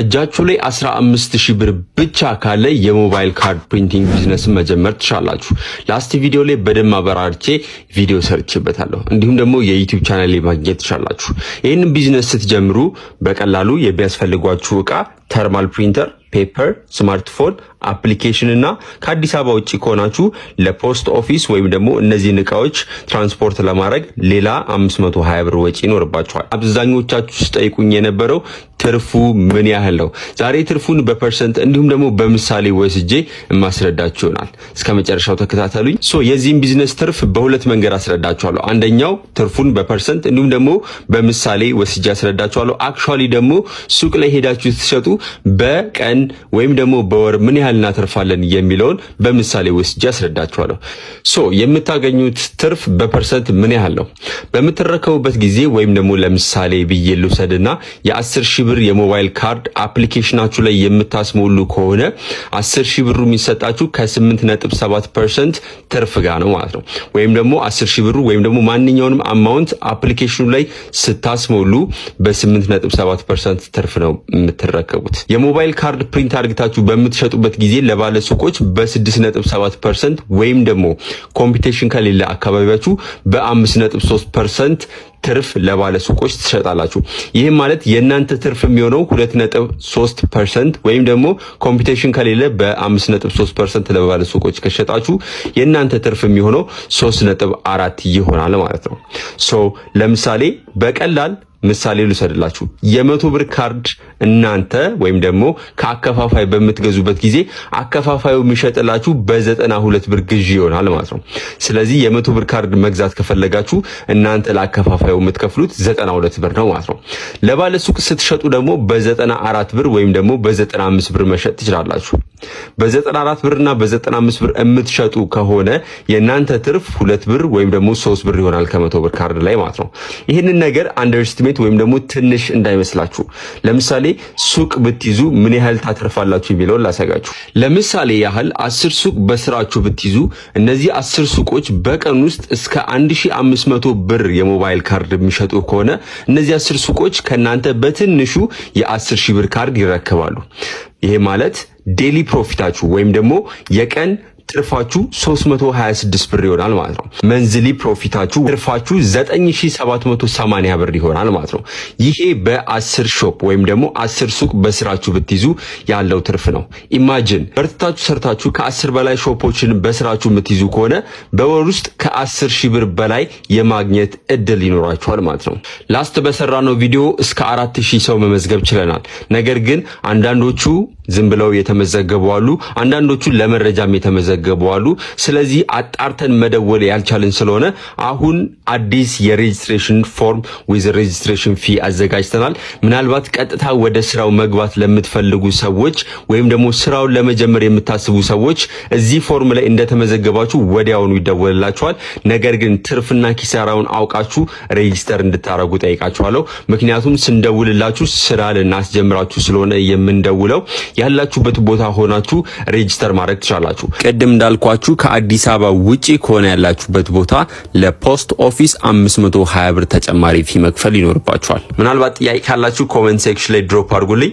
እጃችሁ ላይ 15000 ብር ብቻ ካለ የሞባይል ካርድ ፕሪንቲንግ ቢዝነስ መጀመር ትችላላችሁ። ላስት ቪዲዮ ላይ በደንብ አበራርቼ ቪዲዮ ሰርቼበታለሁ። እንዲሁም ደግሞ የዩቲዩብ ቻናል ማግኘት ትችላላችሁ። ይህንን ቢዝነስ ስትጀምሩ በቀላሉ የሚያስፈልጓችሁ ዕቃ ተርማል ፕሪንተር ፔፐር፣ ስማርትፎን አፕሊኬሽን እና ከአዲስ አበባ ውጭ ከሆናችሁ ለፖስት ኦፊስ ወይም ደግሞ እነዚህን እቃዎች ትራንስፖርት ለማድረግ ሌላ 520 ብር ወጪ ይኖርባችኋል። አብዛኞቻችሁ ስጠይቁኝ የነበረው ትርፉ ምን ያህል ነው? ዛሬ ትርፉን በፐርሰንት እንዲሁም ደግሞ በምሳሌ ወስጄ የማስረዳችሁ ይሆናል። እስከ መጨረሻው ተከታተሉኝ። ሶ የዚህም ቢዝነስ ትርፍ በሁለት መንገድ አስረዳችኋለሁ። አንደኛው ትርፉን በፐርሰንት እንዲሁም ደግሞ በምሳሌ ወስጄ አስረዳችኋለሁ። አክቹዋሊ ደግሞ ሱቅ ላይ ሄዳችሁ ስትሸጡ በቀን እናተርፋለን ወይም ደግሞ በወር ምን ያህል እናተርፋለን የሚለውን በምሳሌ ወስጄ ያስረዳችኋለሁ። ሶ የምታገኙት ትርፍ በፐርሰንት ምን ያህል ነው? በምትረከቡበት ጊዜ ወይም ደግሞ ለምሳሌ ብዬ ልውሰድና የአስር ሺህ ብር የሞባይል ካርድ አፕሊኬሽናችሁ ላይ የምታስሞሉ ከሆነ አስር ሺህ ብሩ የሚሰጣችሁ ከስምንት ነጥብ ሰባት ፐርሰንት ትርፍ ጋር ነው ማለት ነው። ወይም ደግሞ አስር ሺህ ብሩ ወይም ደግሞ ማንኛውንም አማውንት አፕሊኬሽኑ ላይ ስታስሞሉ በስምንት ነጥብ ሰባት ፐርሰንት ትርፍ ነው የምትረከቡት የሞባይል ካርድ ፕሪንት አድርግታችሁ በምትሸጡበት ጊዜ ለባለ ሱቆች በ6.7 ፐርሰንት ወይም ደግሞ ኮምፒቴሽን ከሌለ አካባቢያችሁ በ5.3 ፐርሰንት ትርፍ ለባለ ሱቆች ትሸጣላችሁ። ይህም ማለት የእናንተ ትርፍ የሚሆነው 2.3 ፐርሰንት ወይም ደግሞ ኮምፒቴሽን ከሌለ በ5.3 ፐርሰንት ለባለ ሱቆች ከሸጣችሁ የእናንተ ትርፍ የሚሆነው 3.4 ይሆናል ማለት ነው። ሶ ለምሳሌ በቀላል ምሳሌ ልውሰድላችሁ። የመቶ ብር ካርድ እናንተ ወይም ደግሞ ከአከፋፋይ በምትገዙበት ጊዜ አከፋፋዩ የሚሸጥላችሁ በዘጠና ሁለት ብር ግዢ ይሆናል ማለት ነው። ስለዚህ የመቶ ብር ካርድ መግዛት ከፈለጋችሁ እናንተ ለአከፋፋዩ የምትከፍሉት ዘጠና ሁለት ብር ነው ማለት ነው። ለባለ ሱቅ ስትሸጡ ደግሞ በዘጠና አራት ብር ወይም ደግሞ በዘጠና አምስት ብር መሸጥ ትችላላችሁ። በዘጠና አራት ብርና በዘጠና አምስት ብር የምትሸጡ ከሆነ የእናንተ ትርፍ ሁለት ብር ወይም ደግሞ ሶስት ብር ይሆናል ከመቶ ብር ካርድ ላይ ማለት ነው። ይህንን ነገር አንደርስቲሜት ቤት ወይም ደግሞ ትንሽ እንዳይመስላችሁ። ለምሳሌ ሱቅ ብትይዙ ምን ያህል ታተርፋላችሁ የሚለውን ላሳጋችሁ። ለምሳሌ ያህል አስር ሱቅ በስራችሁ ብትይዙ እነዚህ አስር ሱቆች በቀን ውስጥ እስከ 1500 ብር የሞባይል ካርድ የሚሸጡ ከሆነ እነዚህ አስር ሱቆች ከእናንተ በትንሹ 10 ሺህ ብር ካርድ ይረከባሉ። ይሄ ማለት ዴሊ ፕሮፊታችሁ ወይም ደግሞ የቀን ትርፋችሁ 326 ብር ይሆናል ማለት ነው። መንዝሊ ፕሮፊታችሁ ትርፋችሁ 9780 ብር ይሆናል ማለት ነው። ይሄ በ10 ሾፕ ወይም ደግሞ 10 ሱቅ በስራችሁ ብትይዙ ያለው ትርፍ ነው። ኢማጂን በርትታችሁ ሰርታችሁ ከ ከ10 በላይ ሾፖችን በስራችሁ የምትይዙ ከሆነ በወር ውስጥ ከ10 ሺህ ብር በላይ የማግኘት እድል ይኖራችኋል ማለት ነው። ላስት በሰራነው ቪዲዮ እስከ አራት ሰው መመዝገብ ችለናል። ነገር ግን አንዳንዶቹ ዝም ብለው የተመዘገቡ አሉ። አንዳንዶቹ ለመረጃም የተመዘገቡ አሉ። ስለዚህ አጣርተን መደወል ያልቻልን ስለሆነ አሁን አዲስ የሬጅስትሬሽን ፎርም ዊዝ ሬጅስትሬሽን ፊ አዘጋጅተናል። ምናልባት ቀጥታ ወደ ስራው መግባት ለምትፈልጉ ሰዎች ወይም ደግሞ ስራውን ለመጀመር የምታስቡ ሰዎች እዚህ ፎርም ላይ እንደተመዘገባችሁ ወዲያውኑ ይደወልላችኋል። ነገር ግን ትርፍና ኪሳራውን አውቃችሁ ሬጅስተር እንድታረጉ ጠይቃችኋለሁ። ምክንያቱም ስንደውልላችሁ ስራ ልናስጀምራችሁ ስለሆነ የምንደውለው ያላችሁበት ቦታ ሆናችሁ ሬጅስተር ማድረግ ትችላላችሁ። ቅድም እንዳልኳችሁ ከአዲስ አበባ ውጪ ከሆነ ያላችሁበት ቦታ ለፖስት ኦፊስ 520 ብር ተጨማሪ ፊ መክፈል ይኖርባችኋል። ምናልባት ጥያቄ ካላችሁ ኮመንት ሴክሽን ላይ ድሮፕ አድርጉልኝ።